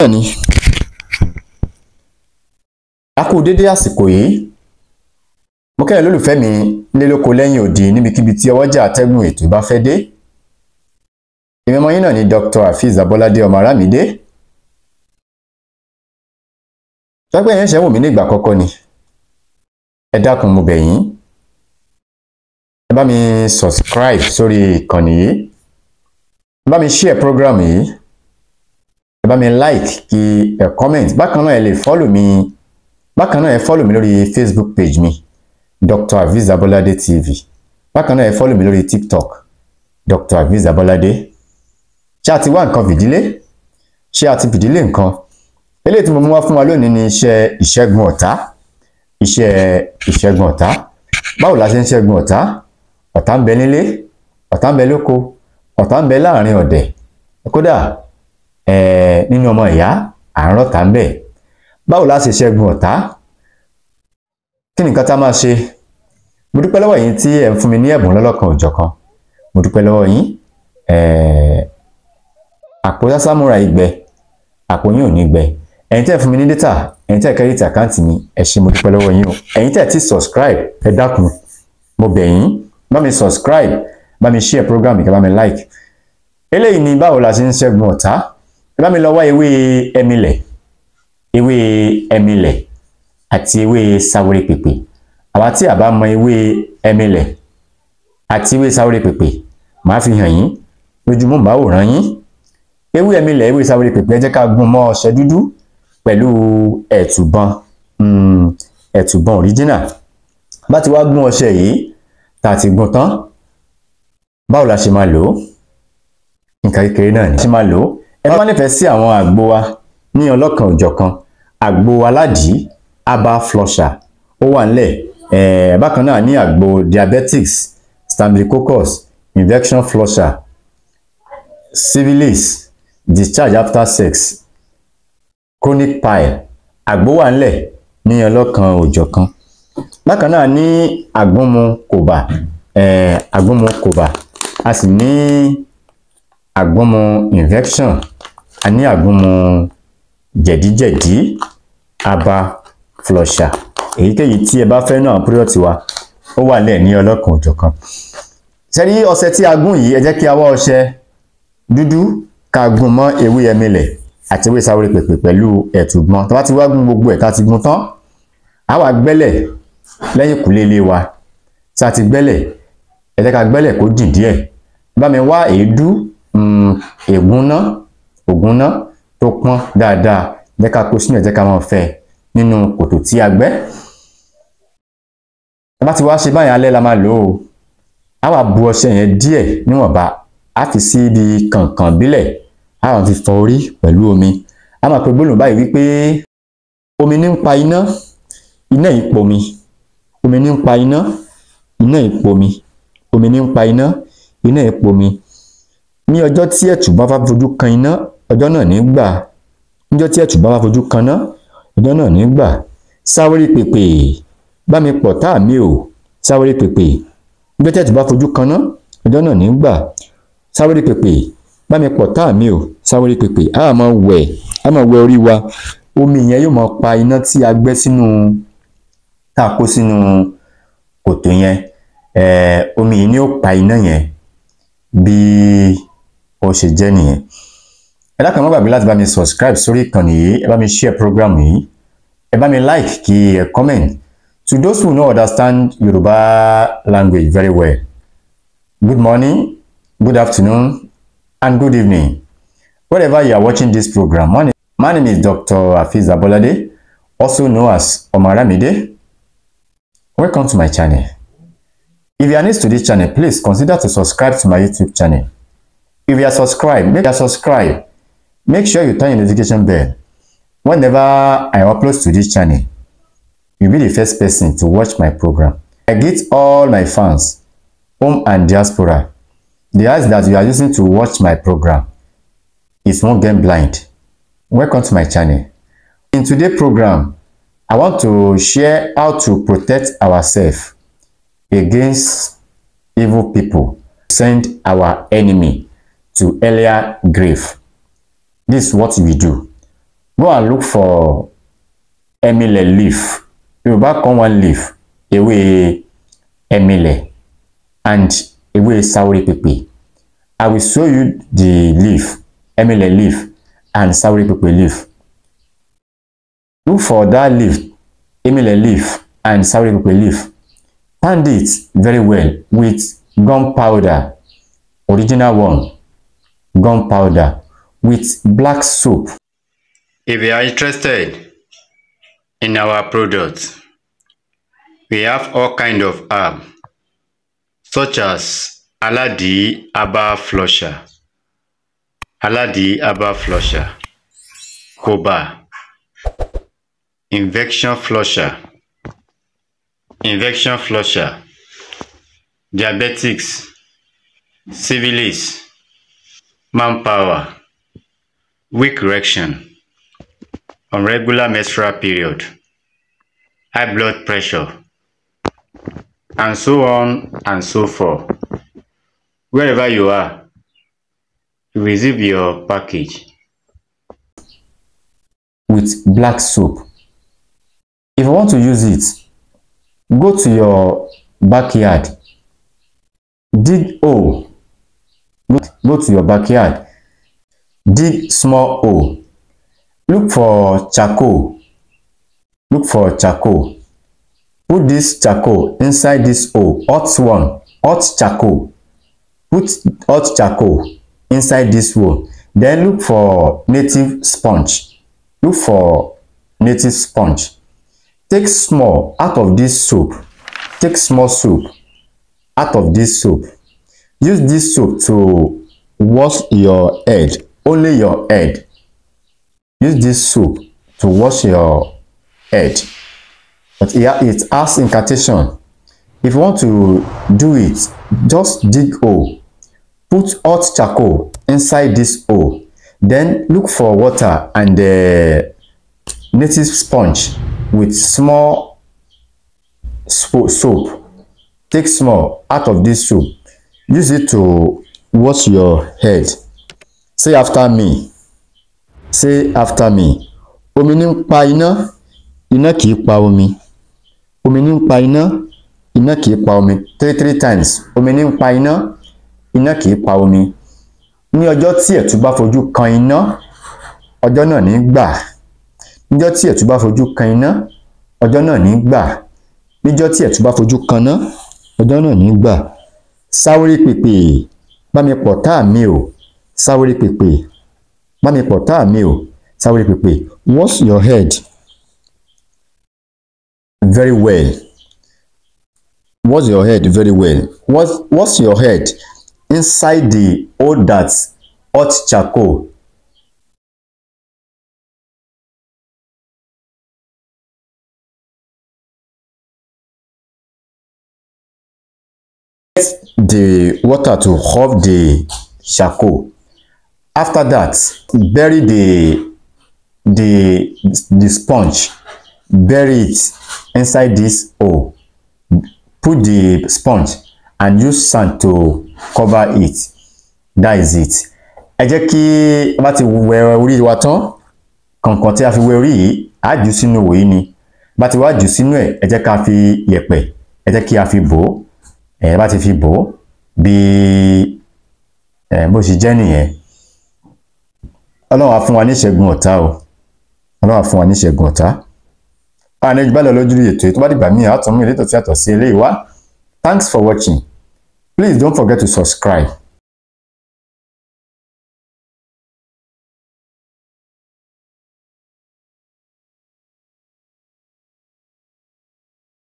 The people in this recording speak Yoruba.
bẹ́ẹ̀ ni a kú dédé àsìkò yìí mo kẹ́yìn lólùfẹ́ mi nílé lóko lẹ́yìn òdì níbikíbi tí ọwọ́jà atẹ́gùn ètò ìbá fẹ́ dé ìmọ̀mọ́ yín náà ni Dr. Afeez Abolade ọmọ Aramide tọ́pẹ́ yẹn ṣe ń wò mí nígbà kọ́kọ́ ni ẹ dákun mo bẹ̀ yín ẹ bá mi subscribe sórí ìkànnì yìí ẹ bá mi share program yìí ẹ bá mi like kí ẹ comment bákan náà ẹ lè follow mi bákan náà ẹ follow mi lórí facebook page mi dr aviz abolade tv bákan náà ẹ follow mi lórí tiktok dr aviz abolade ṣé a ti wá nǹkan fìdílé ṣé a ti fìdílé nǹkan eléyìí tí mo mú wá fún wa lónìí ni iṣẹ́ ìṣẹ́gun ọ̀tá iṣẹ́ ìṣẹ́gun ọ̀tá báwo la ṣe ń ṣẹ́gun ọ̀tá ọ̀tá ń bẹ nílé ọ̀tá ń bẹ lóko ọ̀tá ń bẹ láàrin ọ̀dẹ̀ kódà nínú ọmọ ìyá à ń rọ̀tá ń bẹ̀ báwo la ṣe ṣẹ́gun ọ̀tá kí nìkan tá máa ṣe mo dúpẹ́ lọ́wọ́ yín tí ẹ̀ ń fún mi ní ẹ̀bùn lọ́lọ́kan òjọ̀kan mo dúpẹ́ lọ́wọ́ yín àpò sásámúra ìgbẹ́ àpò yín ò ní gbẹ ẹ̀yin tẹ́ fún mi ní data ẹ̀yin tẹ́ kẹ́rìtì àkáǹtì mi ẹ ṣé mo dúpẹ́ lọ́wọ́ yín o ẹ̀yin tẹ́ ti subscribe ẹ dákun mo bẹ̀ yín bá mi subscribe bá mi share program ìkẹ́ bá mi like eléyìí ni báwo la ṣe ń ṣẹ́gun ọ̀tá ẹ bá mi lọ wá ewé ẹmilẹ̀ ewé ẹmilẹ̀ àti ewé sawore pèpè àwa tí a bá mọ ewé ẹmilẹ̀ àti ewé sawore pèpè màá fi hàn yín lójúmọ́ bá wò rán yín ewé ẹmilẹ̀ ewé sawore pèpè ẹ jẹ́ ká gún mọ́ ọṣẹ dúdú pẹ̀lú ẹ̀tùbọn hmm, ẹ̀tùbọn original bá ti wá gún ọṣẹ yìí tá a ti gún tán báwo la ṣe máa lò ó nǹkan kékeré náà ni ṣe máa lò ó ẹ bá nífẹ̀ẹ́ sí àwọn àgbo wa ní ọlọ́kan òjọ̀kan àgbo aládìí aba flusher ó wà nílẹ̀ bákan náà ní àgbo diabetics staphylococcus infection flusher syphilis discharge after sex chronic pile àgbo wà nílẹ̀ ní ọlọ́kan òjọ̀kan bákan náà ní àgbọ̀nmu kòbà àgbọ̀nmu kòbà a sì ní àgbọ́mọ infection a ní àgbọ́mọ jẹ̀díjẹ̀dí aba flusher èyíkéyìí tí ẹ bá fẹ́ náà pírọ̀tì wa ó wà lẹ́ẹ̀ ní ọlọ́kan òjọ̀kan sẹ́rí ọṣẹ tí a gún yìí ẹ jẹ́ kí a wá ọṣẹ dúdú ká gún mọ́ ewé ẹmílẹ̀ àti ewé sáwórí pèpè pẹ̀lú ẹ̀tùgbọ́n tó bá ti wá gún gbogbo ẹ̀ tá ti gún tán a wá gbẹ́lẹ̀ lẹ́yìn kùlé wa tá ti gbẹ́lẹ̀ ẹ jẹ́ ká gbẹ́lẹ̀ kó dì díẹ̀ bá mi wá èédú Mm, ègúnná ògúnná tó pọ́n dáadáa jẹ́ ká kó sínú ẹ̀ jẹ́ ká máa fẹ́ nínú kòtò tí a gbẹ́ tá bá ti wá ṣe báyìí alẹ́ la máa lò ó a wá bu ọṣẹ yẹn díẹ̀ níwọ̀nba a fi sí ibi kànkàn bílẹ̀ a wá fi fọ orí pẹ̀lú omi a máa pe gbólóhùn báyìí wípé omi ní ń pa iná iná yìí pomi omi ní ń pa iná iná yìí pomi omi ní ń pa iná iná yìí pomi ní ọjọ́ tí ẹ̀tù bá fojú kan iná ọjọ́ náà ní gbà níjọ́ tí ẹ̀tù bá fojú kan iná ọjọ́ náà ní gbà sáwérì pèpè bá mi pọ̀ tá mi ò sáwérì pèpè níjọ́ tí ẹ̀tù bá fojú kan iná ọjọ́ náà ní gbà sáwérì pèpè bá mi pọ̀ tá mi ò sáwérì pèpè a máa wẹ̀ a máa wẹ̀ orí wa omi yẹn yóò máa pa iná tí a gbẹ́ sínú tá a kó sínú kòtò yẹn omi yìí ni ó pa iná yẹn bíi ó ṣe jẹ́ nìyẹn ẹ dákun ẹ láti bá mi subscribe sórí ìkànnì yìí ẹ bá mi share program yìí ẹ bá mi like kí ẹ comment to those who no understand Yorùbá language very well good morning good afternoon and good evening wherever you are watching this program my name, my name is Dr. Hafiz Abolade also known as Omaramide welcome to my channel if you are new to this channel please consider to subscribe to my YouTube channel If you are subscribed, make you subscribe. Make sure you turn your notification bell. Whenever I upload to this channel, you'll be the first person to watch my program. I greet all my fans, home and diaspora. The eyes that you are using to watch my program is not game blind. Welcome to my channel. In today's program, I want to share how to protect ourselves against evil people, send our enemy to earlier grave. This is what we do. Go and look for emile leaf. Yoruba kan one leaf, ewé emile and ewé sauri pepe. I will show you the leaf, emile leaf and sauri pepe leaf. Look for that leaf, emile leaf and sauri pepe leaf. Pound it very well with gunpowder, original one. gunpowder with black soap. If you are interested in our products, we have all kind of herb such as Aladi abba Flusher, Aladi abba Flusher, Koba, Invection Flusher, Invection Flusher, Diabetics, Civilis, manpower, weak erection, irregular menstrual period, high blood pressure, and so on and so forth. Wherever you are, you receive your package. With black soap. If you want to use it, go to your backyard, dig hole go to your backyard dig small hole look for charcoal look for charcoal put this charcoal inside this hole hot one hot charcoal put hot charcoal inside this hole then look for native sponge look for native sponge take small out of this soap take small soap out of this soap use this soap to wash your head only your head use this soap to wash your head but it has incantation if you want to do it just dig hole put hot charcoal inside this hole then look for water and the uh, native sponge with small soap take small out of this soap Use it to wash your head. Say after me. Say after me. Omi ní ń pa iná, iná kì í pa omi. Omi ní ń pa iná, iná kì í pa omi. Three three times. Omi ní ń pa iná, iná kì í pa omi. Ní ọjọ́ tí ẹ̀tú bá fojú kan iná, ọjọ́ náà ní gbà. Níjọ́ tí ẹ̀tú bá fojú kan iná, ọjọ́ náà ní gbà. Níjọ́ tí ẹ̀tú bá fojú kan ná, ọjọ́ náà ní gbà sáwórí pèpè bámi pọ̀ tá à mí o sáwórí pèpè bámi pọ̀ tá à mí sáwórí pèpè wash your head very well wash your head very well wash, wash your head inside the old that hot charcoal water to half the charcoal. After that, bury the the the sponge. Bury it inside this hole. Put the sponge and use sand to cover it. That is it. Ẹ jẹ́ kí a bá ti wẹ orí wa tán, kànkàn tí a fi wẹ orí yìí, a jù sínú òwò yìí ni. Bá ti wá jù sínú ẹ̀, ẹ jẹ́ ká fi yẹ̀pẹ̀, ẹ jẹ́ kí a fi bò Ẹ bá ti fi bò ó bí bó ṣe jẹ́ nìyẹn ọlọ́run á fún wa níṣẹ́gun ọ̀tá o ọlọ́run á fún wa níṣẹ́gun ọ̀tá àárín ojú bálẹ̀ lójú ètò ètò bá dìgbà míì àtúnmí ìlétò tí yàtọ̀ sí eléyìí wá thanks for watching please don't forget to subscribe